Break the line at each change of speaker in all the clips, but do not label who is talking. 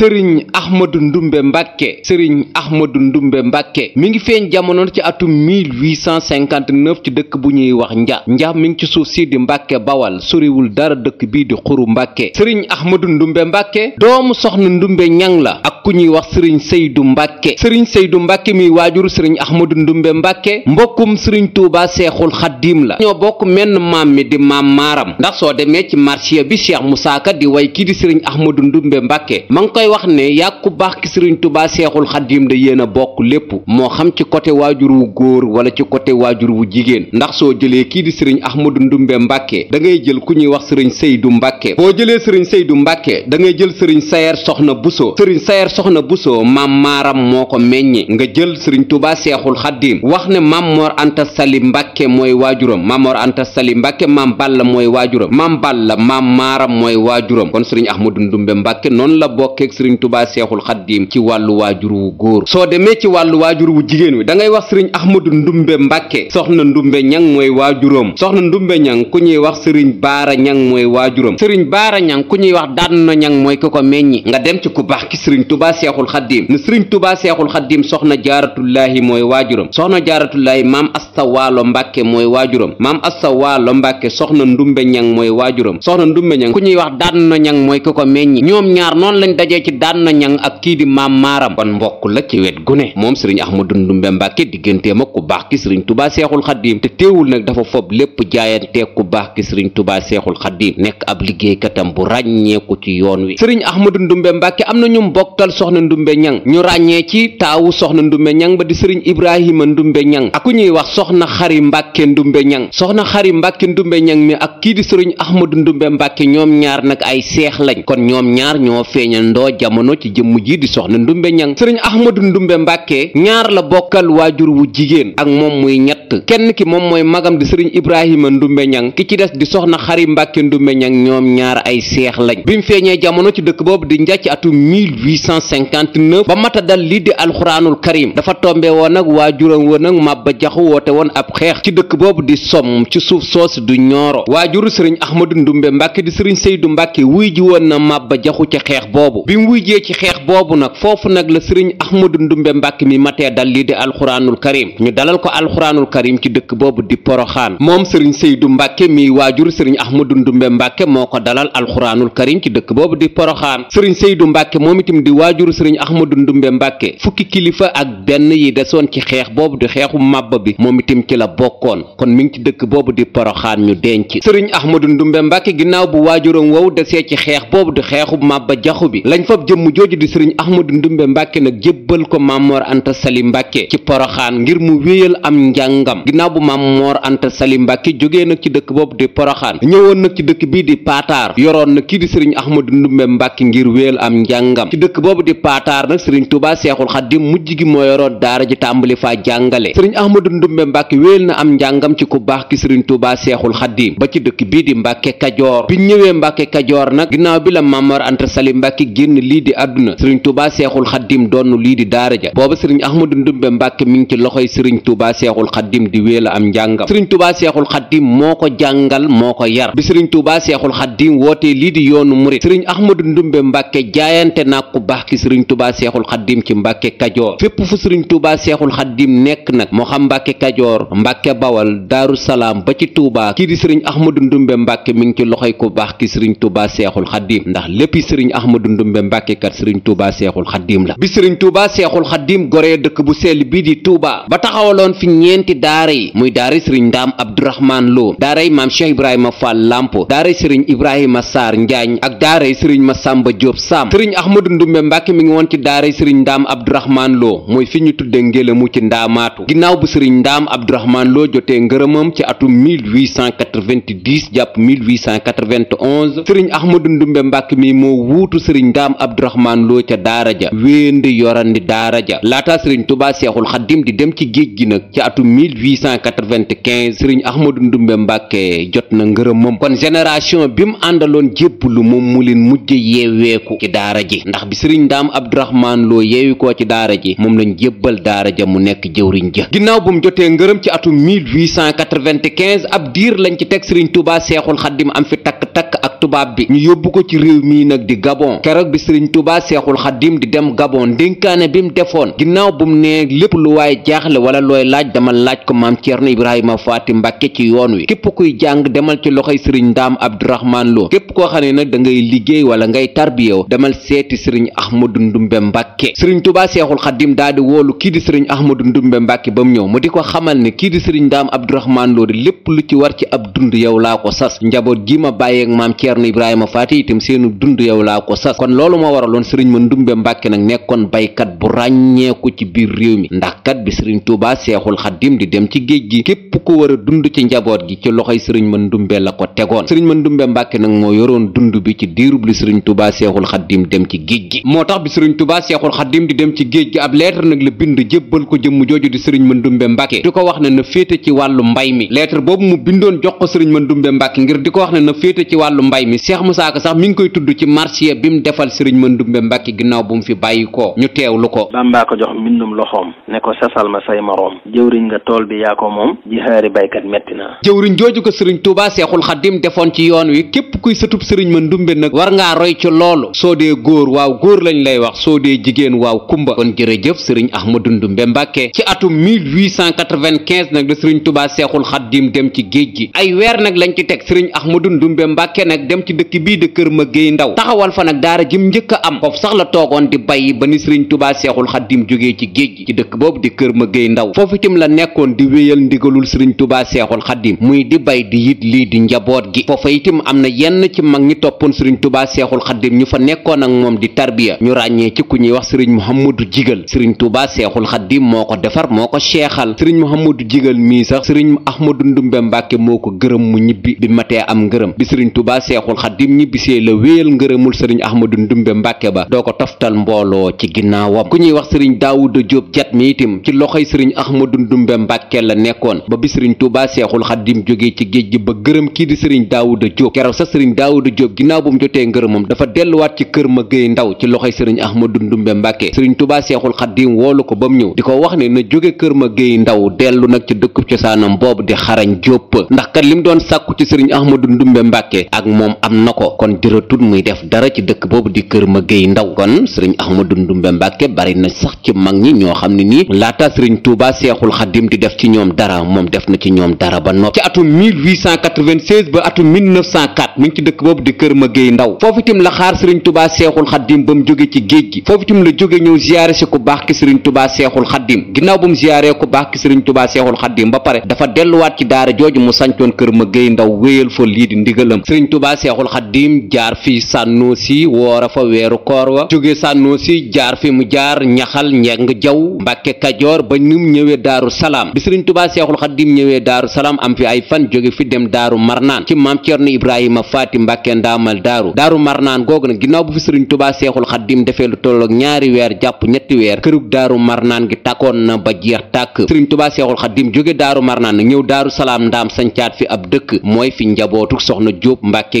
sëriñ ahmadu ndumbe mbàkke sëriñ ahmadu ndumbe mbàkke mi ngi feeñ jamono ci atum 1859 ci dëkk bu ñuy wax nja nja mi ngi ci suuf si di mbàkke bawal soriwul dara dëkk bii di xuru mbàkke sëriñ ahmadu ndumbe mbàkke doomu soxna ndumbe ñang la ak ku ñuy wax sëriñ Seydou Mbacke sëriñ Seydou Mbacke muy waajuru sëriñ Ahmadou Ndumbe Mbacke mbokkum sëriñ Touba Seexul Xaddiim la ñoo bokk menn maam mi di maam maaram ndax soo demee ci marsiya bi Cheikh Moussa di way kii di sëriñ Ahmadou Ndumbe Mbacke ma ngi koy wax ne yaa ku baax ki sëriñ Touba Seexul Xaddiim da yéen a bokk lépp moo xam ci côté waajur wu góor wala ci côté waajur wu jigéen ndax soo jëlee kii di sëriñ Ahmadou Ndumbe Mbacke da ngay jël ku ñuy wax sëriñ Seydou Mbacke boo jëlee sëriñ Seydou Mbacke da ngay jël sëriñ Sayer Soxna Buso soxna busoo maam maaram moo ko meññe nga jël sëriñ tuuba seexul xaddiim wax ne maam moor anta sali mbàkke mooy waajuram maam moor anta sali mbàkke maam balla mooy waajuram maam balla maam maaram mooy waajuram kon sëriñ ahmadu ndumbe mbàkke noonu la bokkeek sëriñ tuuba seexul xaddiim ci wàllu waajur wu góor soo demee ci wàllu waajur wu jigéen wi da ngay wax sëriñ ahmadu ndumbe mbàkke soxna ndumbe ñang mooy waajuram soxna ndumbe ñang ku ñuy wax sëriñ baara ñang mooy waajuram sëriñ baara ñang ku ñuy wax daan na tubaa seexul xaddiim ne sëriñ tubaa seexul xaddiim soxna jaaratullaahi mooy waajuram soxna jaaratullaahi maam asta waalo mbàkke mooy waajuram maam asta waalo mbàkke soxna ndumbe ñang mooy waajuram soxna ndumbe ñang ku ñuy wax daan na ñang mooy ku ko meññi ñoom ñaar noonu lañ dajee ci daan na ñang ak kii di maam maaram kon mbokk la ci wet gu ne moom sëriñ ahmadu ndumbe mbàkke digganteem ak ku baax ki sëriñ tubaa seexul xaddiim te teewul nag dafa fob lépp jaayantee ku baax ki sëriñ tubaa seexul xaddiim nekk ab liggéeykatam bu ràññeeku ci yoon wi sëriñ ahmadu ndumbe mbàkke am na ñu mbokkal nekkal soxna ndumbe ñang ñu ràññee ci taawu soxna ndumbe ñang ba di sëriñ ibrahima ndumbe ñang ak ku ñuy wax soxna xari mbàkke ndumbe ñang soxna xari mbàkke ndumbe ñang mi ak kii di sëriñ ahmadu ndumbe mbàkke ñoom ñaar nag ay seex lañ kon ñoom ñaar ñoo feeñandoo jamono ci jëmm ji di soxna ndumbe ñang sëriñ ahmadu ndumbe mbàkke ñaar la bokkal waajur wu jigéen ak moom muy ñett kenn ki moom mooy magam di sëriñ ibrahima ndumbe ñang ki ci des di soxna xari mbàkke ndumbe ñang ñoom ñaar ay seex lañ bi 1959 ba mata dal lii di alxuraanul karim dafa tombe woon nag waajuram woon nag màbba jaxu te woon ab xeex ci dëkk boobu di somm ci suuf soos du ñooro waajuru sëriñ ahmadu ndumbe mbàkke di sëriñ seydu mbàkke wuy ji woon na màbba jaxu ci xeex boobu bi mu wuyjee ci xeex boobu nag foofu nag la sëriñ ahmadu ndumbe mbàkke mi matee dal lii di alxuraanul karim ñu dalal ko alxuraanul karim ci dëkk boobu di poroxaan moom sëriñ seydu mbàkke mi waajuru sëriñ ahmadu ndumbe mbàkke moo ko dalal alxuraanul karim ci dëkk boobu di poroxaan sëriñ seydu mbàkke moom itam di waajuru sëriñ Ahmadu Ndumbe Mbàkke fukki kilifa ak benn yi desoon ci xeex boobu di xeexu màbba bi moom itam ci la bokkoon kon mi ngi ci dëkk boobu di poroxaan ñu denc sëriñ Ahmadu Ndumbe Mbàkke ginnaaw bu waajuram wow desee ci xeex boobu di xeexu màbba jaxu bi lañ fab jëmm jooju di sëriñ Ahmadu Ndumbe Mbàkke nag jébbal ko Mamor Anta Sali Mbàkke ci poroxaan ngir mu wéyal am njàngam ginnaaw bu Mamor Anta Sali Mbàkke jógee nag ci dëkk boobu di poroxaan ñëwoon nag ci dëkk bii di paataar yoroon na kii di sëriñ Ahmadu Ndumbe Mbàkke ngir wéyal am njàngam ci dëkk boobu boobu di paataar nag sëriñ Tuubaa Seexul Xadiim mujj gi moo yoroon daara ji tàmbali faa jàngale sëriñ Ahmadu Ndumbe Mbàkke wéel na am njàngam ci ku baax ki sëriñ Tuubaa Seexul Xadiim ba ci dëkk bii di Mbàkke Kajoor bi ñëwee Mbàkke Kajoor nag ginnaaw bi la Mamor Anta Sali Mbàkke génn lii di àdduna sëriñ Tuubaa Seexul Xadiim doonn lii di daara ja booba sëriñ Ahmadu Ndumbe Mbàkke mi ngi ci loxoy sëriñ Tuubaa Seexul Xadiim di wéel am njàngam sëriñ Tuubaa Seexul Xadiim moo ko ko yar bi sëriñ Tuubaa Seexul Xadiim wootee lii di yoonu murit sëriñ Ahmadu barki sëriñ tubaa seexul xaddim ci mbàkke kajoor fépp fu sëriñ tubaa seexul xaddim nekk nag moo xam mbàkke kajoor mbàkke bawal daaru ba ci tuubaa kii di sëriñ axmadu ndumbe mbàkke mi ngi ci loxoy ku baax ki sëriñ tubaa seexul xaddim ndax léppi sëriñ axmadu ndumbe mbàkke kat sëriñ tubaa seexul xaddim la bi sëriñ tubaa seexul xaddim goree dëkk bu sell bii di tuubaa ba taxawaloon fi ñeenti daara yi muy daara sëriñ ndaam abdurahmaan loo daaray maam cheikh ibrahima fall lamp daaray sëriñ ibrahima saar njaañ ak daaray sëriñ masamba jóob saam sëriñ axmadu ndumbe mbàkke Mbàkke mi ngi woon ci daaray sëriñ ndaam abdourahmaan loo mooy fi ñu tudde ngélamu ci ndaamaatu ginnaaw bu sëriñ ndaam abdourahmaan loo jotee ngërëmam ci atum 1890 jàpp 1891 sëriñ ahmadu ndumbe mbàkke mi moo wuutu sëriñ ndaam abdourahmaan loo ca daara ja wéendi yorandi daara ja laataa sëriñ tubaa seexul xaddim di dem ci géej gi nag ci atum 1895 sëriñ ahmadu ndumbe mbàkke jot na ngërëmam kon génération bi mu àndaloon jébbalu moom mu leen mujj yeeweeku ci daara ji ndax bi sëriñ sëriñ ndaam abdurahmaan loo yeewi koo ci daara ji moom lañ jébbal daara ja mu nekk jëwriñ ja ginnaaw bu mu jotee ngërëm ci atum 1895 ab diir lañ ci teg sëriñ tubaa seexul xaddim am fi takk-takk tubaab bi ñu yóbbu ko ci réew mii nag di gabon keroog bi sëriñ tubaa seexul xadim di dem gabon ndénkaane bi mu defoon ginnaaw bu mu nee lépp lu waaye jaaxle wala looy laaj dama laaj ko maam ceerno ibrahima faati mbàkke ci yoon wi képp kuy jàng demal ci loxo loxoy sëriñ ndaam abdurahmaan lo képp koo xam ne nag da ngay liggéey wala ngay tarbiyew demal seeti sëriñ ahmadu ndumbe mbàkke sëriñ tubaa seexul xadim daa di woolu kii di sëriñ ahmadu ndumbe mbàkke ba mu ñëw mu di ko xamal ne kii di sëriñ ndaam abdurahmaan lo di lépp lu ci war ci ab dund yow laa ko sas njaboot gi Ceerno Ibrahima Faty itam seenu dund yow laa ko sas kon loolu moo waraloon sëriñ Mandumbe Mbàkke nag nekkoon baykat bu ràññeeku ci biir réew mi ndax kat bi sëriñ Tuubaa Seexul Xaddim di dem ci géej gi képp ku war a dund ci njaboot gi ci loxoy sëriñ Mandumbe la ko tegoon sëriñ Mandumbe Mbàkke nag moo yoroon dund bi ci diirub li sëriñ Tuubaa Seexul Xaddim dem ci géej gi moo tax bi sëriñ Tuubaa Seexul Xaddim di dem ci géej gi ab lettre nag la bind jébbal ko jëmm jooju di sëriñ Mandumbe Mbàkke di ko wax ne na féete ci wàllu mbay mi lettre boobu mu bindoon jox ko sëriñ Mandumbe Mbàkke ngir di ko wax ne na féete ci wàllu mbay mbay mi Cheikh Moussa Ka sax mi ngi koy tudd ci marché bi mu defal sëriñ Mandoumbe Mbacke ginnaaw bu mu fi bàyyi ko ñu teewlu ko Bàmbaa ko jox mbindum loxoom
ne ko sasal ma say moroom jëwriñ nga tool bi yaa ko moom jihaari baykat metti na
jëwriñ jooju ko sëriñ Touba Seexul Xadim defoon ci yoon wi képp kuy sëtub sëriñ Mandoumbe nag war ngaa roy ci loolu soo dee góor waaw góor lañ lay wax soo dee jigéen waaw kumba kon jërëjëf sëriñ Ahmadou Ndoumbe Mbacke ci atum 1895 nag la sëriñ Touba Seexul Xadim dem ci géej gi ay weer nag lañ ci teg sëriñ Ahmadou Ndoumbe Mbacke dem ci dëkk bii de Kër ma Maguéy Ndaw taxawal fa nag daara jëm njëkk am foofu sax la toogoon di bay ba ni Sëriñ Tuubaa Seexul Xaddim jógee ci géej gi ci dëkk boobu di Kër Maguéy Ndaw foofu itam la nekkoon di wéyal ndigalul Sëriñ Tuubaa Seexul Xaddim muy di bay di yit lii di njaboot gi foofa itam am na yenn ci mag ñi toppoon Sëriñ Tuubaa Seexul Xaddim ñu fa nekkoon ak moom di tarbiya ñu ràññee ci ku ñuy wax Sëriñ Muhammadu Jigal Sëriñ Tuubaa Seexul Xaddim moo ko defar moo ko seexal Sëriñ Muhammadu Jigal mii sax Sëriñ Ahmadu Ndumbe Mbàkke moo ko gërëm mu ñibbi bi matee am ngërëm bi Sëriñ Tuubaa seexul xadim ñibbisee la wéyal ngërëmul sëriñ ahmadu ndumbe mbàkke ba doo ko toftal mbooloo ci ginnaawam ku ñuy wax sëriñ daawuda jóob jat mi itam ci loxoy sëriñ ahmadu ndumbe mbàkke la nekkoon ba bi sëriñ tuubaa seexul xadim jógee ci géej gi ba gërëm kii di sëriñ daawuda jóob kerow sa sëriñ daawuda jóob ginnaaw bu mu jotee ngërëmam dafa delluwaat ci kër ma géey ndaw ci loxoy sëriñ ahmadu ndumbe mbàkke sëriñ tuubaa seexul xadim woolu ko ba mu ñëw di ko wax ne na jóge kër ma géey ndaw dellu nag ci dëkkub cosaanam boobu di xarañ jóob ndax kat lim doon sàkku ci sëriñ moom am na ko kon jërëtut muy def dara ci dëkk boobu di kër ma géey ndaw kon sëriñ Ahmadu Ndumbe Mbàkke bari na sax ci mag ñi ñoo xam ne nii laata sëriñ Tuuba Seexul Xadim di def ci ñoom dara moom def na ci ñoom dara ba noppi ci atum 1896 ba atum 1904 mu ngi ci dëkk boobu di kër ma géey ndaw foofu itam la xaar sëriñ Tuuba Seexul Xadim ba mu jóge ci géej gi foofu la jóge ñëw ziyaare si ku baax ki sëriñ Tuuba Seexul Xadim ginnaaw bu mu ziyaaree ku baax ki sëriñ Tuuba Seexul Xadim ba pare dafa delluwaat ci daara jooju mu sancoon kër ma géey ndaw wéyal fa lii di ndigalam sëriñ Tuuba Touba Seexul Xaddim jaar fi Sànnoosi woor a fa weeru koor wa jóge Sànnoosi jaar fi mu jaar ñaxal ñeng jaw Mbàkke Kajoor ba nim ñëwee Daaru Salaam bi Sëriñ Touba Seexul Xaddim ñëwee Daaru Salaam am fi ay fan jóge fi dem Daaru Marnaan ci Maam Cerno Ibrahima Faati Mbàkke ndaamal Daaru Daaru Marnaan googu na ginnaaw bu fi Sëriñ Touba Seexul Xaddim defee lu tolloog ñaari weer jàpp ñetti weer kërug Daaru Marnaan gi takkoon na ba jeex tàkk Sëriñ Touba Seexul Xaddim jóge Daaru Marnaan ñëw Daaru Salaam ndaam sancaat fi dëkk mooy fi njabootu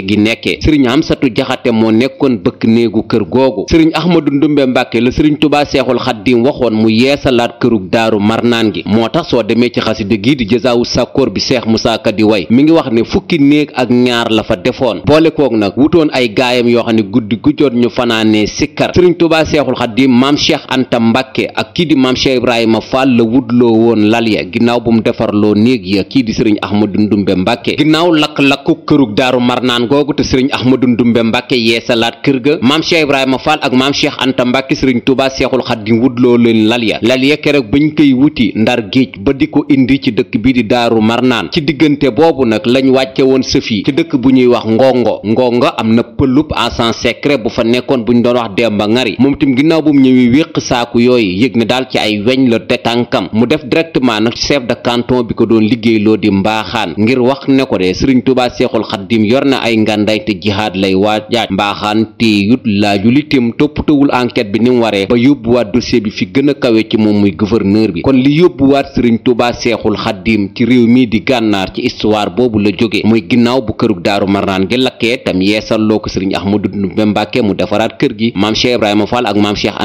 mbàkke gi nekkee sëriñ Amsatu Jaxate moo nekkoon bëkk néegu kër googu sëriñ Ahmadu Ndumbe Mbàkke la sëriñ Tubaa Seexul Xaddiim waxoon mu yeesalaat kërug daaru marnaan gi moo tax soo demee ci xasida gii di jësaawu sàkkoor bi seex Musaa Ka di way mi ngi wax ne fukki néeg ak ñaar la fa defoon boole koog nag wutoon ay gaayam yoo xam ne guddi gu ñu fanaanee sikkar sëriñ Tubaa Seexul Xaddiim maam Cheikh Anta Mbàkke ak kii di maam Cheikh Ibrahima Fall la wutloo woon lal ya ginnaaw bu mu defarloo néeg ya kii di sëriñ Ahmadu Ndumbe Mbàkke ginnaaw googu te sëriñ ahmadu ndumbe mbàkke yeesalaat kër ga maam cheikh ibrahima fall ak maam cheikh anta mbàkke sëriñ tuuba seexul xaddim loo leen lal ya lal ya keroog bañ koy wuti ndar géej ba di ko indi ci dëkk bi di daaru marnaan ci diggante boobu nag lañ wàcce woon sëf yi ci dëkk bu ñuy wax ngongo ngongo am na pëlub agent secret bu fa nekkoon bu ñu doon wax demba ngari moom tim ginnaaw bu mu ñëwee wéq saaku yooyu yëg ne daal ci ay weñ la te tànkam mu def directement nag chef de canton bi ko doon liggéey di mbaaxaan ngir wax ne ko ngàndaay te jihaad lay waajaaj mbaaxaan téeyut laaju li tém toppatawul enquête bi ni mu waree ba yóbbuwaat dossier bi fi gën a kawe ci moom muy gouverneur bi kon li yóbbuwaat sëriñ Tuubaa seexul xaddiim ci réew mii di gànnaar ci histoire boobu la jóge muy ginnaaw bu kërug daaru marnaan gi lakkee tam yeesalloo ko sëriñ Ahmadu Ndumbe Mbàkke mu defaraat kër gi maam Cheikh Ibrahima ak maam Cheikh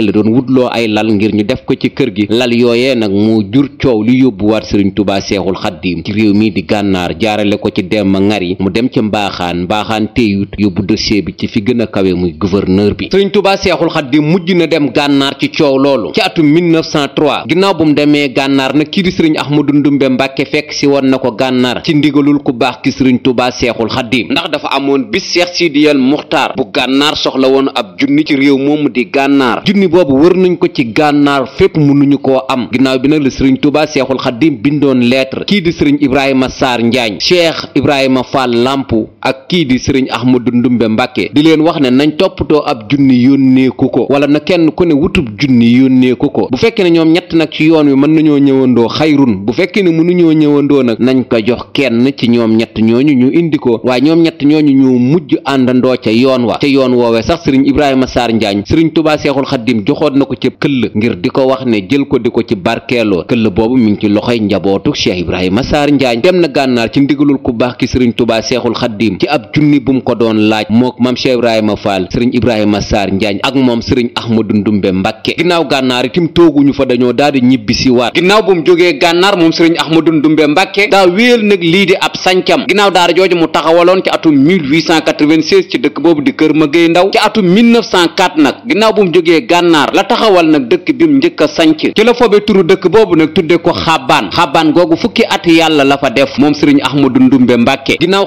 la doon wutloo ay lal ngir ñu def ko ci kër gi lal yooyee nag moo jur coow li yóbbuwaat sëriñ Tuubaa seexul xaddiim ci réew mii di gànnaar jaarale ko ci dem ngari mu dem ca mbaax mbaaxaan mbaaxaan teeyut yóbbu dossier bi ci fi gën a kawe muy gouverneur bi sëriñ tubaa seexul xaddim mujj na dem gànnaar ci coow loolu ci atum 1903 ginnaaw bu mu demee gànnaar na kii di sëriñ ahmadu ndumbe mbàkke fekk si woon na ko gànnaar ci ndigalul ku baax ki sëriñ tubaa seexul xaddim ndax dafa amoon bis seex siidiyal muxtaar bu gànnaar soxla woon ab junni ci réew moomu di gànnaar junni boobu wër nañ ko ci gànnaar fépp mënuñu ko am ginnaaw bi nag la sëriñ tubaa seexul xaddim bindoon lettre kii di sëriñ ibrahima saar njaañ cheikh ibrahima fall ak kii di sëriñ Ahmadou Ndumbe Mbàkke di leen wax ne nañ toppatoo ab junni yónneeku ko wala na kenn ku ne wutub junni yónneeku ko bu fekkee ne ñoom ñett nag ci yoon wi mën nañoo ñëwandoo xayrun bu fekkee ne mënuñoo ñëwandoo nag nañ ko jox kenn ci ñoom ñett ñooñu ñu indi ko waaye ñoom ñett ñooñu ñu mujj àndandoo ca yoon wa ca yoon woowee sax sëriñ Ibrahima Sarr Njaañ sëriñ Tubaa Seexul Xaddim joxoot na ko ci këll ngir di ko wax ne jël ko di ko ci barkeeloo këll boobu mi ngi ci loxoy njabootu Cheikh Ibrahima Sarr Njaañ dem na gànnaar ci ndigalul ku baax ki sëriñ Tubaa Seexul Xaddim ci ab junni bu mu ko doon laaj mook mam Cheikh Ibrahima Fall sëriñ Ibrahima Sarr Njaañ ak moom sëriñ Ahmadu Ndumbe Mbàkke ginnaaw gànnaar itam tooguñu fa dañoo daal di ñibbi si waat ginnaaw bu mu jógee gànnaar moom sëriñ Ahmadu Ndumbe Mbàkke daa wéel nag lii di ab sancam ginnaaw daara jooju mu taxawaloon ci atum 1896 ci dëkk boobu di Kër Magey Ndaw ci atum 1904 nag ginnaaw bu mu jógee gànnaar la taxawal nag dëkk bi mu njëkk a sanc ci la foobe turu dëkk boobu nag tudde ko xabbaan xabbaan googu fukki at yàlla la fa def moom sëriñ Ahmadu Ndumbe Mbàkke ginnaaw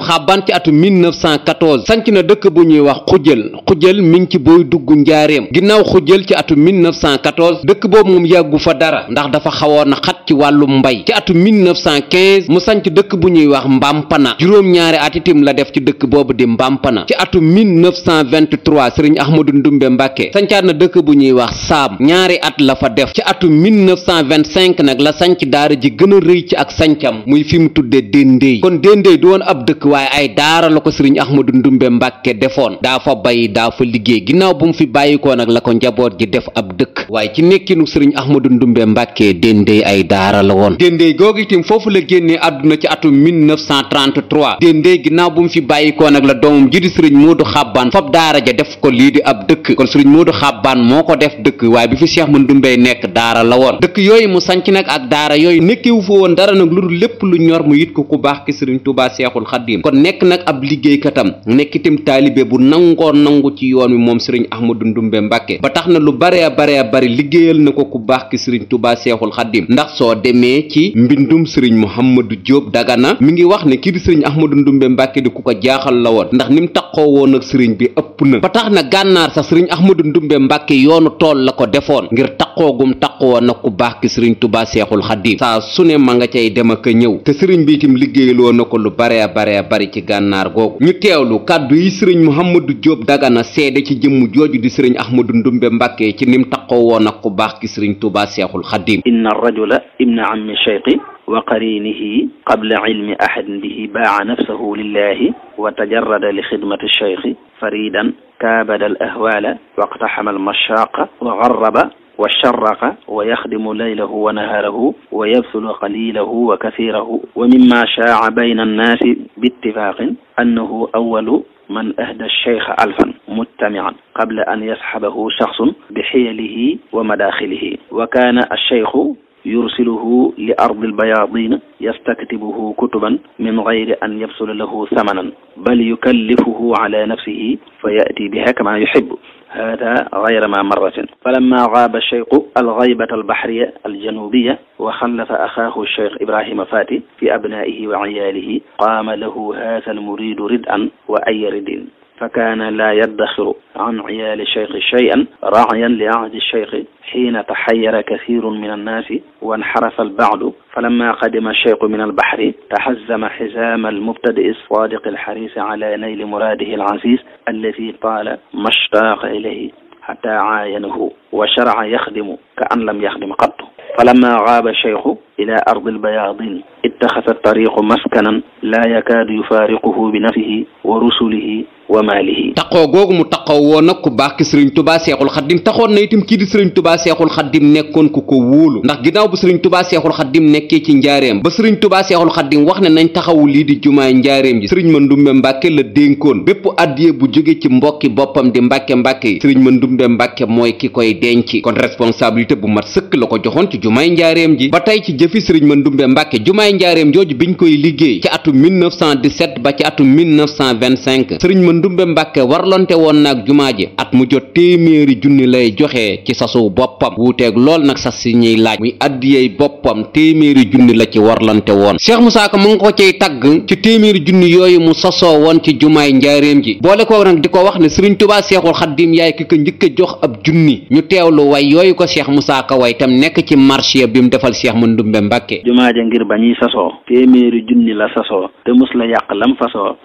1914 sanc na dëkk bu ñuy wax xujjal xujjal mi ngi ci booy dugg njaareem ginnaaw xujjal ci atum 1914 dëkk boobu moom yàggu fa dara ndax dafa xawoon a xat ci wàllum mbay ci atum 1915 mu sanc dëkk bu ñuy wax mbampana juróom-ñaari atitim la def ci dëkk boobu di mbampana ci atum 1923 sëriñ Ahmadou Ndumbe Mbàkke sancaat na dëkk bu ñuy wax saam ñaari at la fa def ci atum 1925 nag la sanc daara ji gën a rëy ci ak sancam muy fi mu tudde déndéey kon déndéey du woon ab dëkk waaye ay daara dara la ko sëriñ Ahmadu Ndumbe Mbàkke defoon daa fa bay daa fa liggéey ginnaaw bu mu fi bàyyikoo nag la ko njaboot gi def ab dëkk waaye ci nekkinu sëriñ Ahmadu Ndumbe Mbàkke déndéey ay daara la woon déndéey googu itam foofu la génnee àdduna ci atum 1933 déndéey ginnaaw bu mu fi bàyyikoo nag la doomam ji di sëriñ Moodu Xabbaan fab daara ja def ko lii di ab dëkk kon sëriñ Moodu Xabbaan moo ko def dëkk waaye bi fi Cheikh Ma Ndumbe nekk daara la woon dëkk yooyu mu sanc nag ak daara yooyu nekkiwu fa woon dara nag lu dul lépp lu ñor mu yit ko ku baax ki sëriñ Tuubaa Seexul Xadiim kon nekk nag ab ab liggéeykatam nekk itam taalibe bu nangoo nangu ci yoon wi moom sëriñ Ahmadou Ndumbe Mbàkke ba tax na lu baree baree bari liggéeyal na ko ku baax ki sëriñ Tuubaa Seexul Xaddim ndax soo demee ci mbindum sëriñ Mouhamadou Diop Dagana mi ngi wax ne kii di sëriñ Ahmadou Ndumbe Mbàkke di ku ko jaaxal la woon ndax ni mu taxoo woon ak sëriñ bi ëpp na ba tax na gànnaar sax sëriñ Ahmadou Ndumbe Mbàkke yoonu tool la ko defoon ngir taxoogum taxoo na ku baax ki sëriñ Tuubaa Seexul Xaddim saa su a nga cay dem ak a ñëw te sëriñ bi itam liggéeyaloo na ko lu baree baree bari ci gànnaar Dakar googu ñu teewlu kàddu yi sëriñ Mouhamadou Diop Dagana seede ci jëmm jooju di sëriñ Ahmadou Ndumbe Mbàkke ci nim taqoo woon ak ku baax ki sëriñ Tuubaa Seexul Xadiim inna rajula am ammi shayxi
wa qarinihi qabla ilmi ahadihi baaca nafsahu lillahi wa tajarrada li xidmati shayxi faridan kaabada al ahwaala waqtaxama al mashaaqa wa garraba wa sharraqa wa yaxdimu laylahu wa nahaarahu wa yabsulu qalilahu wa kasiirahu wa mimma shaaca bayna annaasi bittifaaqin annahu awwalu man ahda cheikha alfan mujtamian qabla an yasxabahu shaxsun bi xiyalihi wa madaaxilihi wa kaana acheikhu yursiluhu li ardi albayaadin yastaktibuhu kutuban min gayri an yabsula lahu samanan bal yukallifuhu ala nafsihi fa yati biha kama yuhibbu hada gayra ma marratin falamma gaaba alcheikhu algaybata albaxriya aljanubiya wa xallafa axaahu cheikh ibrahima fati fi abnaihi wa ciyaalihi qaama lahu hada almuridu ridan wa ay ridin fa kaana laa yaddaxiru an ciyaali cheikhi cheyan raayan li ahdi cheikhi xiina taxayara kacirun min annaasi wa nxarafa albaadu fa lamma qadima cheikhu min albaxri taxazama xizaama almubtadi sadiqi alxarisi ala nayli muraadihi alaziz alladi taala mastaaqa ilayhi xata caayanahu wa sharaca yaxdimu ka an lam yaxdim qattu fa lamma gaaba cheikhu ila ardi albayaadin ittaxasa tariqu maskanan laa yakaadu yufaariquhu bi nafsihi wa rusulihi wa maalihi
taqoo googu mu taqoo woon nag ku baax ki sëriñ tubaa seexul xaddim taxoon na itam kii di sëriñ tubaa seexul xaddim nekkoon ku ko wóolu ndax ginnaaw bu sëriñ tubaa seexul xaddim nekkee ci njaareem ba sëriñ tubaa seexul xaddim wax ne nañ taxawu lii di jumaay njaareem ji sëriñ mandumbe mbàkke la dénkoon bépp addiye bu jóge ci mbokki boppam di mbàkke mbàkke yi sëriñ mandumbe mbàkke mooy ki koy denc kon responsabilité bu mat sëkk la ko joxoon ci jumaay njaareem ji ba tey ci jëfi sëriñ mandumbe mbàkke jumaay njaareem jooju biñ koy liggéey ci atu 1917 ba ci atu 1925 ndumbe mbàkke warlonte woon naag jumaa ji at mu jot téeméeri junni lay joxe ci sasu boppam wuuteeg lool nag sas si ñuy laaj muy addiyey boppam téeméeri junni la ci warlante woon Cheikh Moussa Ka mu ngi ko cay tagg ci téeméeri junni yooyu mu sasoo woon ci jumaay njaaréem ji boole ko nag di ko wax ne Sëriñ Tuubaa Seexul Xaddiim yaay ki ko njëkk jox ab junni ñu teewlu way yooyu ko Cheikh Moussa Ka way tam nekk ci marché bi mu defal Cheikh mu ndumbe mbàkke jumaa ja ngir bañuy sasoo
téeméeri junni la sasoo te mus yàq lam fasoo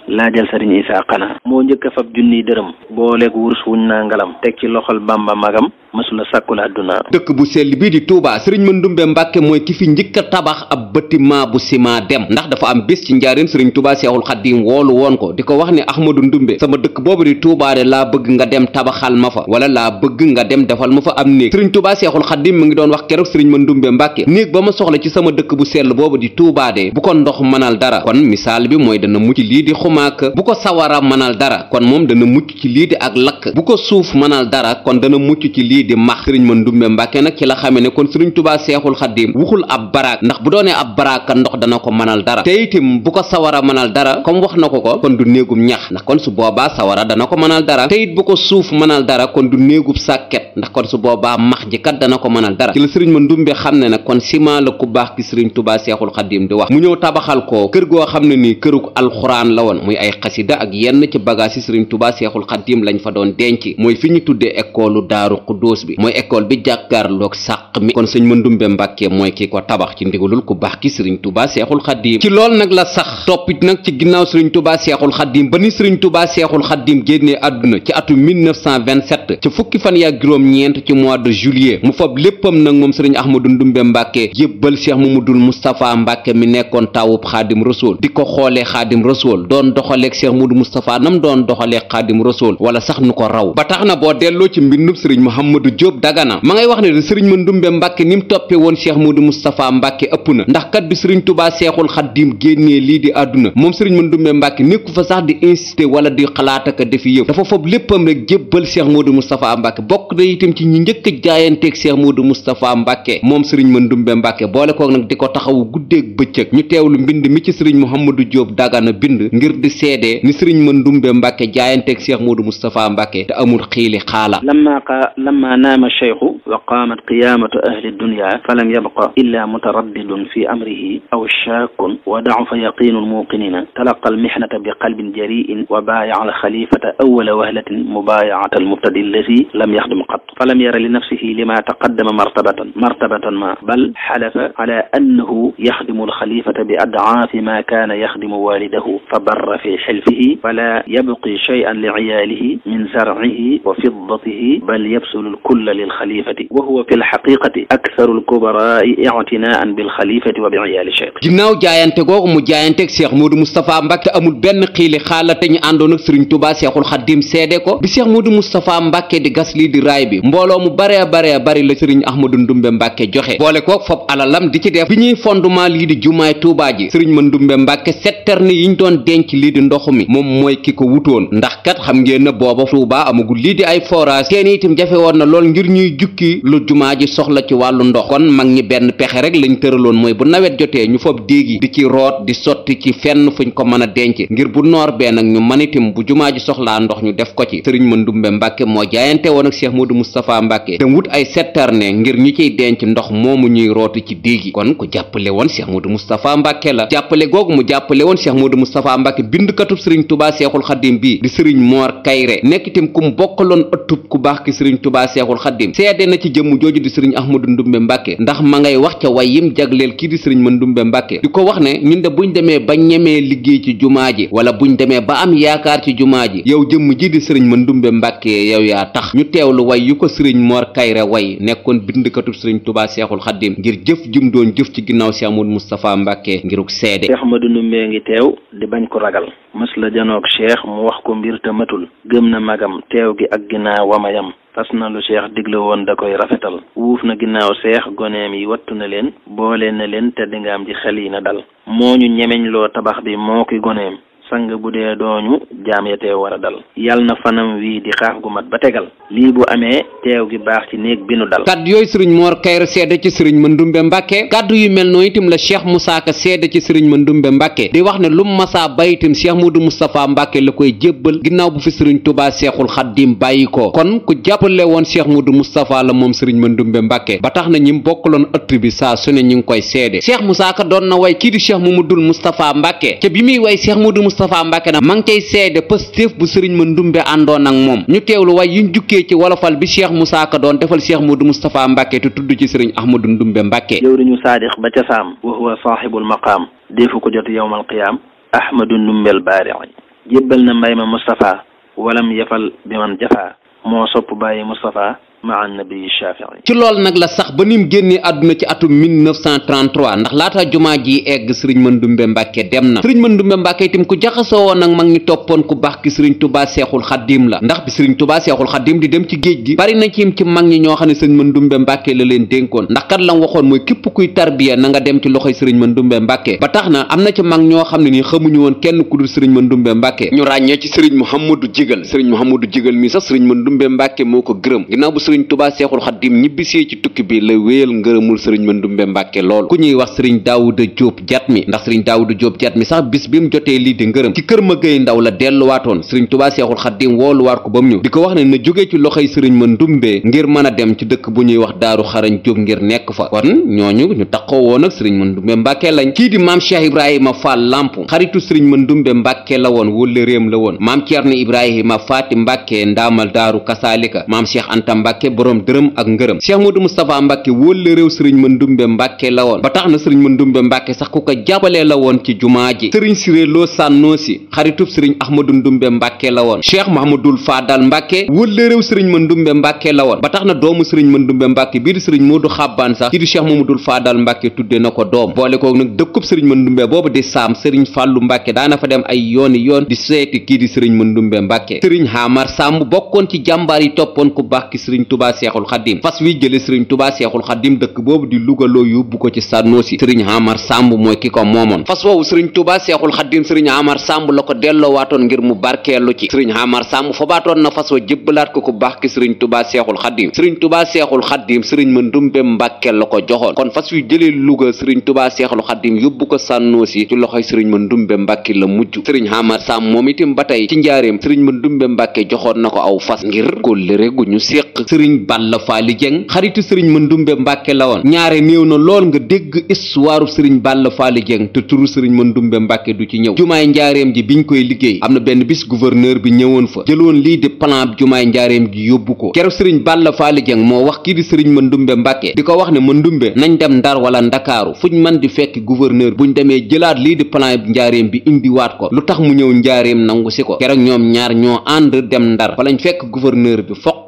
moo njëkk a fab junniy dërëm booleeg wurus wuñ naa ngalam teg ci loxol bamba magam mësula sàkkul àdduna dëkk bu sell bii di Touba sëriñ Mandoumbe Mbàkke mooy ki fi njëkk tabax ab bâtiment bu ciment dem ndax dafa am bés ci njaareem sëriñ Touba Seexul Xaddiim woolu woon ko di ko wax ne Ahmadu Ndumbe sama dëkk boobu di Touba de laa bëgg nga dem tabaxal ma fa wala laa bëgg nga dem defal ma fa am néeg sëriñ Touba Seexul Xaddiim mu ngi doon wax keroog sëriñ Mandoumbe Mbàkke néeg ba ma soxla ci sama dëkk bu sell boobu di Touba de bu ko ndox mënal dara kon misaal bi mooy dana mucc lii di xumaak bu ko sawara mënal dara kon moom dana mucc ci lii di ak lakk bu ko suuf mënal dara kon dana mucc ci lii lii di max sëriñ man ndumbe mbàkke nag ci la xamee ne kon sëriñ tubaa seexul xaddim waxul ab baraak ndax bu doonee ab ko ko sawara mënal dara comme wax na ko ko kon du néegum ñax ndax kon su boobaa sawara dana ko mënal dara te it bu ko suuf mënal dara kon du néegub sàkket ndax kon su boobaa max ji kat dana ko mënal dara ci la sëriñ ma ndumbe xam ne nag kon ciment la ku baax ki sëriñ tubaa seexul xaddim di wax mu ñëw tabaxal ko kër goo xam ne nii këruk alxuraan la woon muy ay xasida ak yenn ci bagage yi sëriñ tubaa seexul xaddim lañ fa doon denc mooy fi ñu tuddee école daaru xuddu gauche bi mooy école bi jàkkaarloog sàq mi kon sëñ Mandumbe Mbàkke mooy ki ko tabax ci ndigalul ku baax ki sëriñ Tuubaa Seexul Xaddiim ci lool nag la sax toppit nag ci ginnaaw sëriñ Tuubaa Seexul Xaddiim ba ni sëriñ Tuubaa Seexul Xaddiim génnee àdduna ci atu 1927 ci fukki fan yaa juróom ñeent ci mois de juillet mu fab léppam nag moom sëriñ Ahmadu Ndumbe Mbàkke yébbal Seex Mamadul Moustapha Mbàkke mi nekkoon taawub Xaadim Rasuul di ko xoolee Xaadim Rasuul doon doxaleeg Seex Mamadou Moustapha nam doon doxaleeg Xaadim Rasuul wala sax nu ko raw ba tax na boo delloo ci mbindum Modou Diop Dagana ma ngay wax ne de sëriñ Mandoumbe Mbàkke ni mu toppe woon Cheikh Modou Moustapha Mbàkke ëpp na ndax kat bi sëriñ Tubaa Seexul Xaddiim génnee lii di àdduna moom sëriñ Mandoumbe Mbàkke nekku fa sax di insisté wala di xalaat ak defi yëpp dafa fob léppam rek jébbal Cheikh Modou Moustapha Mbàkke bokk na itam ci ñi njëkk a jaayanteeg Cheikh Modou Moustapha Mbàkke boole koog nag di ko taxawu guddeeg bëccëg ñu teewlu mbind mi ci sëriñ Mouhamadou Diop Dagana bind ngir di seede ni sëriñ Mandoumbe Mbàkke jaayanteeg Cheikh Modou Moustapha Mbàkke te amul
lamma naama cheikhu wa qaamat qiyaamatu ahli dunya falam yabqa illa mutaraddidun fi amrihi aw shaakun wa dacufa yaqiinu lmuuqinina talaqa almihnata bi qalbin jariin wa baayaca alxalifata awala wahlatin mubaayacata almubtadi alladi lam yaxdum qat falam yara li nafsihi lima taqaddama martabatan martabatan ma bal xalafa ala annahu yaxdimu alxalifata bi adcaafi ma kaana yaxdimu waalidahu fa barra fi xilfihi fala yabqi cheyan li ciyaalihi min zarcihi wa fiddatihi bal yabsulu kulla lil xalifati wa huwa fi lxaqiqati aktharu lkubarai itinaan bilxalifati wa bi iyaali
cheikh ginnaaw jaayante googu mu jaayanteeg cheikh Modou Moustapha Mbacke amul benn xiili xaala te ñu àndoon ak Serigne Touba Cheikhul Khadim seede ko bi cheikh Modou Moustapha Mbacke di gas lii di raay bi mbooloo mu baree baree la Serigne Ahmadou Ndumbe Mbacke joxe boole koog fop alalam di ci def bi ñuy fondement lii di jumaay Touba ji Serigne ma Ndumbe Mbacke setterne yiñ doon denc lii di ndoxu mi moom mooy ki ko wutoon ndax kat xam ngeen na booba Touba amagul lii di ay forage teen itam jafe woon na lool ngir ñuy jukki lu jumaa ji soxla ci wàllu ndox kon mag ñi benn pexe rek lañ tëraloon mooy bu nawet jotee ñu fob déegi di ci root di sotti ci fenn fuñ ko mën a denc ngir bu noor bee nag ñu manitim bu jumaa ji soxla ndox ñu def ko ci sëriñ Mandumbe Mbàkke moo jaayante woon ak Cheikh Modou mustafa Mbàkke te wut ay setterne ngir ñi ciy denc ndox moomu ñuy rooti ci déegi kon ku jàppale woon Cheikh Modou Moustapha Mbàkke la jàppale googu mu jàppale woon Cheikh Modou Moustapha Mbàkke bindkatub sëriñ Touba Seexul Xadim bi sëriñ Moor Kayre nekk ku mu bokkaloon ëttub ku baax ki sëriñ seexul xaddim seede na ci jëmm jooju di sëriñ ahmadu ndumbe mbàkke ndax ma ngay wax ca way yim jagleel kii di sëriñ ma ndumbe mbàkke di ko wax ne ñun de buñ demee ba ñemee liggéey ci jumaa ji wala buñ demee ba am yaakaar ci jumaa ji yow jëmm ji di sëriñ ma ndumbe mbàkke yow yaa tax ñu lu way yu ko sëriñ moor kayre way nekkoon bindkatub sëriñ tubaa seexul xaddim ngir jëf jum doon jëf ci ginnaaw si amul moustapha mbàkke ngiruk seede seex
ahmadu ndumbe ngi di bañ ko ragal mës la janoog cheikh mu wax ko mbir te matul gëm na magam fas na lu seex digle woon da koy rafetal wuuf na ginnaaw seex goneem yi wattu na leen boole na leen te dingaam ji xel yi na dal moo ñu ñemeñ loo tabax bi moo ki goneem sang bu dee dooñu jaam ya teew war a dal yal na fanam wii di xaaf gu mat ba tegal lii bu amee teew gi baax ci néeg
bi nu dal kaddu yooyu sëriñ Mor Kayre seede ci sëriñ Mandumbe Mbàkke kaddu yu mel noonu itam la Cheikh Moussa Ka seede ci sëriñ Mandumbe Mbàkke di wax ne lu masaa bay itam Cheikh Modou Moustapha Mbàkke la koy jébbal ginnaaw bu fi sëriñ Touba Seexul Xaddim bàyyi ko kon ku jàppale woon Cheikh Modou Moustapha la moom sëriñ Mandumbe Mbàkke ba tax na ñi m bokkaloon ëtt bi saa su ne koy seede Moustapha Mbacke na ma ngi cay seede pëstéef bu sëriñ ma ndumbe àndoon ak moom ñu teewlu way yuñ jukkee ci wolofal bi Cheikh Moussa Ka doon defal mu Modou Moustapha Mbacke te tudd ci sëriñ Ahmadou Ndumbe Mbacke jëwriñu saadix ba ca saam wa huwa saahibul
maqaam deefu ko jot yowmal qiyaam Ahmadou Ndumbel baari jébbal na mbay ma Moustapha walam yafal bi man jafa moo sopp bàyyi Moustapha maa
ci lool nag la sax ba nim génnee àdduna ci atum 1933 ndax laata jumaa ji egg sëriñ Mandumbe Mbàkke dem na sëriñ Mandumbe Mbàkke itam ku jaxasoo woon nag mag ñi toppoon ku baax ki sëriñ Tubaa Seexul Xaddiim la ndax bi sëriñ Tubaa Seexul Xaddiim di dem ci géej gi bari na ci im ci mag ñi ñoo xam ne sëriñ Mandumbe Mbàkke la leen dénkoon ndax kat la waxoon mooy képp kuy tarbiya na nga dem ci loxoy sëriñ Mandumbe Mbàkke ba tax na am na ci mag ñoo xam ne ni xamuñu woon kenn ku dul sëriñ Mandumbe Mbàkke ñu ràññee ci sëriñ Mouhamadou Jigal sëriñ Mouhamadou Jigal mi sax sëriñ Mandumbe Mbàkke moo ko gërëm sëriñ tubaa seexul xaddim ñibbisee ci tukki bi la wéyal ngërëmul sëriñ Mandumbe Mbàkke lool ku ñuy wax sëriñ Daawuda Jóob jat mi ndax sëriñ Daawuda Jóob jat mi sax bis bi mu jotee lii di ngërëm ci kër ma gëy ndaw la delluwaatoon sëriñ tubaa seexul xaddim wooluwaat ko ba mu ñëw di ko wax ne na jógee ci loxoy sëriñ Mandumbe ngir mën a dem ci dëkk bu ñuy wax daaru xarañ jóob ngir nekk fa kon ñooñu ñu taxoo ak sëriñ Mandumbe Mbàkke lañ kii di la woon wólle réem la woon maam Ceerno Ibrahima Faati Mbàkke ndaamal daaru kasaalika maam Cheikh mbàkke boroom dërëm ak ngërëm cheikh modou moustapha mbàkke wóolle réew sëriñ mandumbe mbàkke la woon ba tax na sëriñ mandumbe mbàkke sax ku ko jàppalee la woon ci jumaa ji sëriñ siré loo sànnoosi xaritub sëriñ ahmadu ndumbe mbàkke la woon cheikh mahamadul faadal mbàkke wóolle réew sëriñ mandumbe mbàkke la woon ba tax na doomu sëriñ mandumbe mbàkke bii di sëriñ moodu xabbaan sax kii di cheikh mahamadul faadal mbàkke tudde na ko doom boole ko nag dëkkub sëriñ mandumbe boobu di saam sëriñ fàllu mbàkke daana fa dem ay yooni yoon di seeti kii di sëriñ mandumbe mbàkke sëriñ xaamar sàmm bokkoon ci jàmbaar yi toppoon ku baax ki sëriñ fas wi jële sëriñ tubaa seexul xaddim dëkk boobu di lugaloo yóbbu ko ci sànnoosi sëriñ amar sàmb mooy ki ko moomoon fas woowu sëriñ tubaa seexul xaddim sëriñ amar sàmb la sëriñ wa jëbbalaat ko ku baax ki sëriñ tubaa seexul xaddim sëriñ tubaa seexul xaddim sëriñ ma ndumbe mbàkke la ko joxoon kon fas wi jële luga sëriñ tubaa seexul xaddim yóbbu ko sànnoosi ci loxoy sëriñ ma ndumbe mbàkke la mujj sëriñ amar sàmb moom itam ba tey ci njaareem sëriñ ma ndumbe sëriñ Balla Faali Jeng xaritu sëriñ Mandumbe Mbàkke la woon ñaare néew na lool nga dégg histoire sëriñ Balla Faali Jeng te turu sëriñ Mandumbe Mbàkke du ci ñëw jumaay njaareem ji biñ koy liggéey am na benn bis gouverneur bi ñëwoon fa jëloon lii di plan bi jumaay njaareem ji yóbbu ko keroog sëriñ Balla Faali Jeng moo wax kii di sëriñ Mandumbe Mbàkke di ko wax ne Mandumbe nañ dem Ndar wala Ndakaaru fuñ man di fekk gouverneur buñ demee jëlaat lii di plan bi njaareem bi indiwaat ko lu tax mu ñëw njaareem nangu si ko keroog ñoom ñaar ñoo ànd dem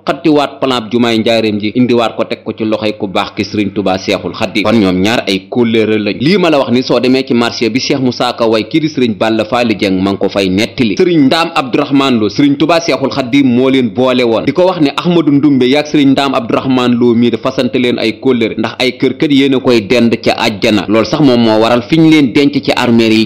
xattiwaat plan jumaay njaareem ji indiwaat ko teg ko ci loxo loxoy ku baax ki sëriñ tubaa seexul xaddi kon ñoom ñaar ay kóllëre lañ lii ma la wax ni soo demee ci marché bi seex musaa ka way kii di sëriñ balla faali jeng ma ngi ko fay nettali sëriñ ndaam abdourahmaan lo sëriñ tubaa seexul xaddi moo leen boole woon di ko wax ne ahmadu ndumbe yaag sëriñ ndaam abdourahmaan lo mii da fasante leen ay kóllëre ndax ay kër kët yéen a koy dend ci àjjana lool sax moom moo waral fi ñu leen denc ci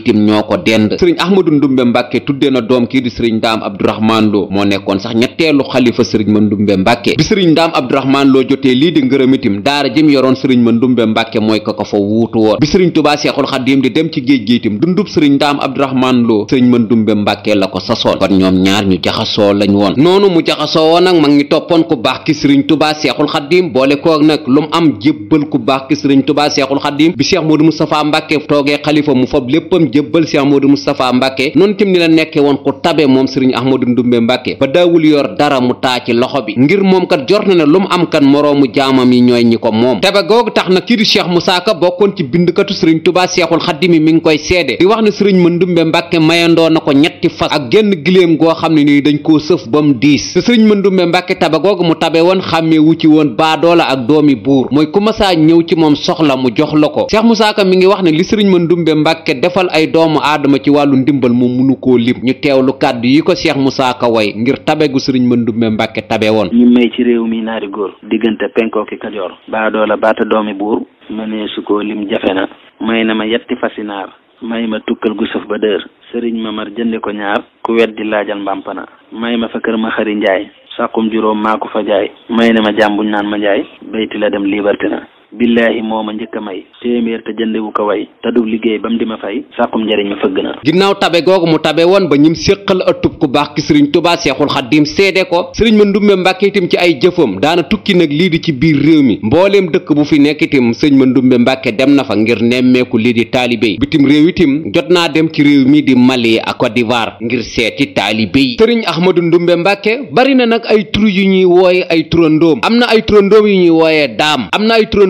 yi ñoo ko dend sëriñ ahmadu ndumbe mbàkke tuddee na doom kii di sëriñ ndaam abdourahmaan lo moo nekkoon sax ñetteelu xalifa sëriñ ma ndumbe Mandumbe Mbàkke bi sëriñ Ndaam Abdourahmane Lo jotee lii di ngërëm itim daara jëm yoroon sëriñ Mandumbe Mbàkke mooy ko ko fa wuutu woon bi sëriñ Tuubaa Seexul Xadiim di dem ci géej gi itim dundub sëriñ Ndaam Abdourahmane Lo sëriñ Mandumbe Mbàkke la ko sasoon kon ñoom ñaar ñu jaxasoo lañ woon noonu mu jaxasoo woon nag mag ñi toppoon ku baax ki sëriñ Tuubaa Seexul Xadiim boole koo nag lu mu am jébbal ku baax ki sëriñ Tuubaa Seexul Xadiim bi Seex Moodu Mustafaa Mbàkke toogee xalifa mu fab léppam jébbal Seex Moodu Mustafaa Mbàkke noonu tim ni la nekke woon ku tabe moom sëriñ Ahmadu Ndumbe Mbàkke ba daawul yor dara mu taa ci loxo bi ngir moom kat jor na ne lu mu am kan moroomu jaamam yi ñooy ñi ko moom tebe googu tax na kii di cheikh Moussa Ka bokkoon ci bindkatu sëriñ tubaa seexul xaddimi mi ngi koy seede di wax ne sëriñ Mandumbe Mbàkke mayandoo na ko ñetti fas ak genn giléem goo xam ne nii dañ koo sëf ba mu diis te sëriñ Mandumbe Mbàkke tebe googu mu tabe woon xàmmee wu ci woon baadoola ak doomi buur mooy ku masaa ñëw ci moom soxla mu jox la ko cheikh Moussa Ka mi ngi wax ne li sëriñ Mandumbe Mbàkke defal ay doomu aadama ci wàllu ndimbal moom mënu ko lim ñu teew lu kàddu yi ko cheikh Moussa Ka way ngir tabe gu sëriñ Mandumbe Mbàkke tabe woon
kon may ci réew mi naari góor diggante penkoo ki kajoor baadoola baata doomi buur mënee su ko lim jafe na may na ma yetti fasi naar may ma tukkal gu sëf ba dër sëriñ ma ma jënde ko ñaar ku wet di laajal na may ma fa kër ma xari njaay sàkkum juróom maa ko fa jaay may na ma jàmbuñ naan ma njaay bayti la dem liberté na billaahi moo ma njëkk a may téeméer te jëndewu ko way te du liggéey ba
mu di ma fay sàkkum njëriñ ma fëgg na ginnaaw tabe googu mu tabe woon ba ñim séqal ëttub ku baax ki sëriñ tubaa seexul seede ko sëriñ ma ndumbe mbàkke itam ci ay jëfam daana tukki nag lii di ci biir réew mi mbooleem dëkk bu fi nekk itam sëñ ma ndumbe mbàkke dem na fa ngir nemmeeku lii di taalibe yi bitim réew itam jot naa dem ci réew mi di Mali ak Côte d'Ivoire ngir seeti taalibe yi sëriñ ahmadu ndumbe mbàkke bari na nag ay tur yu ñuy wooye ay turandoom am na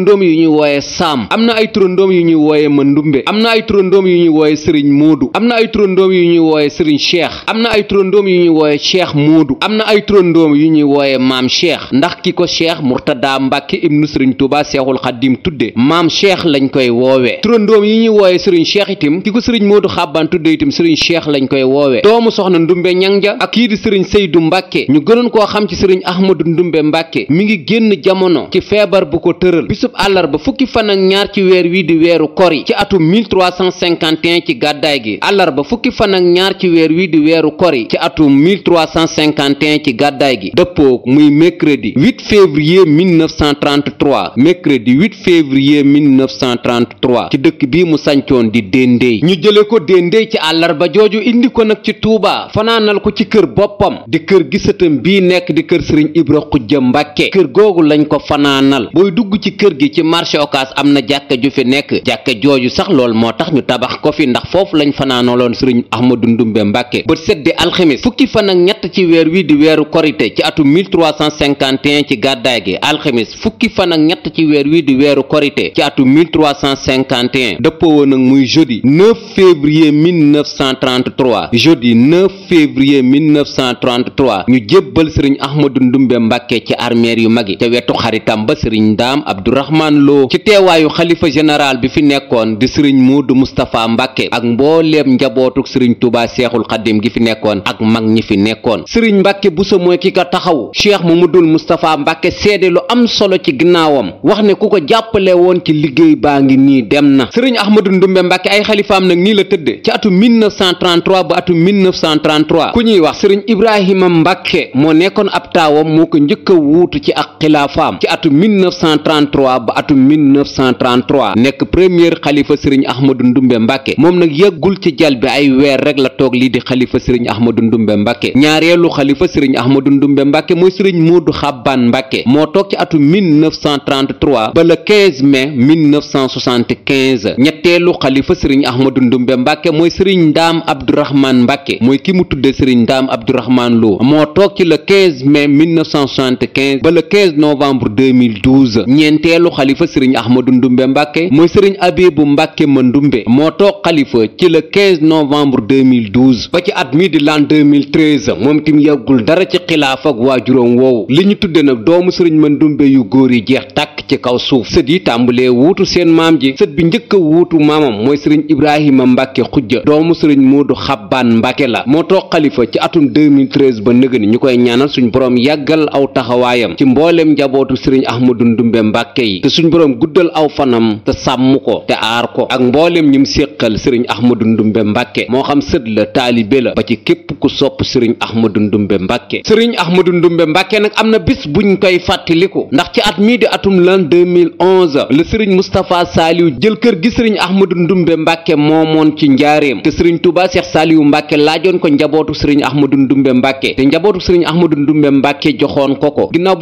turandoom yu ñuy wooye saam am na ay turandoom yu ñuy wooye mandumbe am na ay turandoom yu ñuy wooye sëriñ moodu am na ay turandoom yu ñuy wooye sëriñ cheikh am na ay turandoom yu ñuy wooye cheikh moodu am na ay turandoom yu ñuy wooye maam cheikh ndax ki ko cheikh murtada mbàkke ibnu sëriñ tuuba seexul xaddim tudde maam cheikh lañ koy woowee turandoom yi ñuy wooye sëriñ cheikh itim ki ko sëriñ moodu xàbbaan tudde itim sëriñ cheikh lañ koy woowee doomu soxna ndumbe ñan ja ak kii di sëriñ seydu mbàkke ñu gënoon koo xam ci sëriñ ahmadu ndumbe mbàkke mi ngi génn jamono ci feebar bu ko tëral bisub àllarba fukki fan ak ñaar ci weer wi di weeru kor yi ci atum 1351 ci gàddaay gi àllarba fukki fan ak ñaar ci weer wi di weeru kor yi ci atum 1351 ci gàddaay gi dëppoo muy mercredi 8 février 1933 mercredi 8 février 1933 ci dëkk bi mu sancoon di déndéy ñu jële ko déndéy ci àllarba jooju indi ko nag ci Touba fanaanal ko ci kër boppam di kër gisatam bii nekk di kër sëriñ Ibra Xujja Mbàkke kër googu lañ ko fanaanal booy dugg ci kër gi fii ci marché Ocass am na jàkka ju fi nekk jàkka jooju sax lool moo tax ñu tabax ko fi ndax foofu lañ fanaanoloon sëriñ Ahmadou Ndumbe Mbàkke bët set di alxemes fukki fan ak ñett ci weer wi di weeru korité ci atum 1351 ci gàddaay gi alxemes fukki fan ak ñett ci weer wi di weeru korité ci atum 1351 dëppoo woon ak muy jeudi 9 février 1933 jeudi 9 février 1933 ñu jébbal sëriñ Ahmadou Ndumbe Mbàkke ci armeer yu mag yi ca wetu xaritam ba sëriñ Ndaam Abdourahmane Abdourahmane Lo ci teewaayu xalifa général bi fi nekkoon di sëriñ Modou Moustapha Mbàkke ak mbooleem njabootuk sëriñ Touba Seexul Xaddim gi fi nekkoon ak mag ñi fi nekkoon sëriñ bu sa mooy ki ko taxaw Cheikh Mamadul Moustapha Mbàkke seede lu am solo ci ginnaawam wax ne ku ko jàppale woon ci liggéey baa ngi nii dem na sëriñ Ahmadou Ndumbe Mbàkke ay xalifaam nag nii la tëdd ci atum 1933 ba atum 1933 ku ñuy wax sëriñ Ibrahima Mbàkke moo nekkoon ab taawam moo ko njëkk a wuutu ci ak xilaafaam ci atum 1933 ba atum 1933 nekk premier xalifa sëriñ ahmadu ndumbe mbàkke moom nag yàggul ci jal bi ay weer rek la toog lii di xalifa sëriñ ahmadu ndumbe mbàkke ñaareelu xalifa sëriñ ahmadu ndumbe mbàkke mooy sëriñ moodu xabbaan mbàkke moo toog ci atum 1933 ba le 15 mai 1975 ñetteelu xalifa sëriñ ahmadu ndumbe mbàkke mooy sëriñ ndaam abdourahmaan mbàkke mooy ki mu tudde sëriñ ndaam abdourahmaan lo moo toog ci le 15 mai 1975 ba le 15 novembre 2012 ñeenteelu xalifa sëriñ ahmadu ndumbe mbàkke mooy sëriñ abibu mbàkke ma ndumbe moo toog xalifa ci le 15 novembre 2012 ba ci at mi di l'an 2013 moom tim yàggul dara ci xilaaf waa waajuróom woowu li ñu tudde nag doomu sëriñ ma ndumbe yu góor yi jeex tàkk ci kaw suuf sët yi tàmbalee wuutu seen maam ji sët bi njëkk wuutu maamam mooy sëriñ ibrahima mbàkke xujja doomu sëriñ moodu xabbaan mbàkke la moo toog xalifa ci atum 2013 ba nëgëni ñu koy ñaanal suñu boroom yàggal aw taxawaayam ci mbooleem njabootu sëriñ ahmadu ndumbe mbàkke yi te suñ boroom guddal aw fanam te sàmm ko te aar ko ak mboolem ñim séqal sëriñ Ahmadu Ndumbe Mbàkke moo xam sët la taalibe la ba ci képp ku sopp sëriñ Ahmadu Ndumbe Mbàkke sëriñ Ahmadu Ndumbe Mbàkke nag am na bis buñ koy fàttaliku ndax ci at mii di atum lan 2011 la sëriñ Moustapha Saliou jël kër gi sëriñ Ahmadu Ndumbe Mbàkke moomoon ci njaareem te sëriñ Touba Cheikh Saliou Mbàkke laajoon ko njabootu sëriñ Ahmadu Ndumbe Mbàkke te njabootu sëriñ Ahmadu Ndumbe Mbàkke joxoon ko ko ginnaaw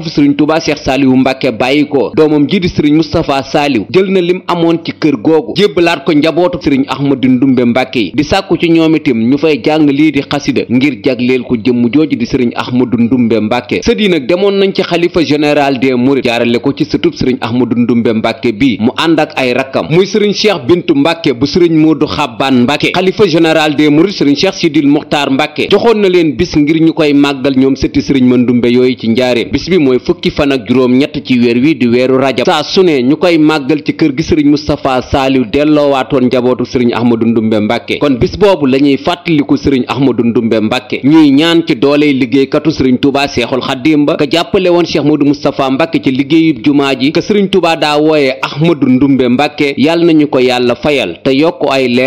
sëriñ Moustapha Saliou jël na lim amoon ci kër googu jébbalaat ko njabootu sëriñ Ahmadu Ndumbe Mbàkke yi di sàkku ci ñoom itam ñu fay jàng lii di xasida ngir jagleel ko jëmm jooju di sëriñ Ahmadu Ndumbe Mbàkke sët yi nag demoon nañ ci xalifa général des Mourides jaarale ko ci sëtub sëriñ Ahmadu Ndumbe Mbàkke bi mu ànd ak ay rakkam muy sëriñ Cheikh Bintu Mbàkke bu sëriñ Moodu Xabbaan Mbàkke xalifa général de Mourides sëriñ Cheikh Sidil Moxtaar Mbàkke joxoon na leen bis ngir ñu koy màggal ñoom sëtti sëriñ Mandumbe yooyu ci njaareem bis bi mooy fukki fan ak juróom ci weer wi di weeru rajab saa su ñu koy màggal ci kër gi sëriñ Moustapha Saliou delloowaatoon njabootu sëriñ Ahmadou Ndumbe Mbàkke kon bis boobu lañuy ñuy fàttaliku sëriñ Ahmadou Ndumbe Mbàkke ñuy ñaan ci dooley liggéeykatu sëriñ tubaa Seexul Xaddiim ba ka jàppale woon Cheikh Modou Moustapha Mbàkke ci liggéeyub jumaa ji ka sëriñ tubaa daa wooye Ahmadou Ndumbe Mbàkke yàlla nañu ko yàlla fayal te yokk ay leer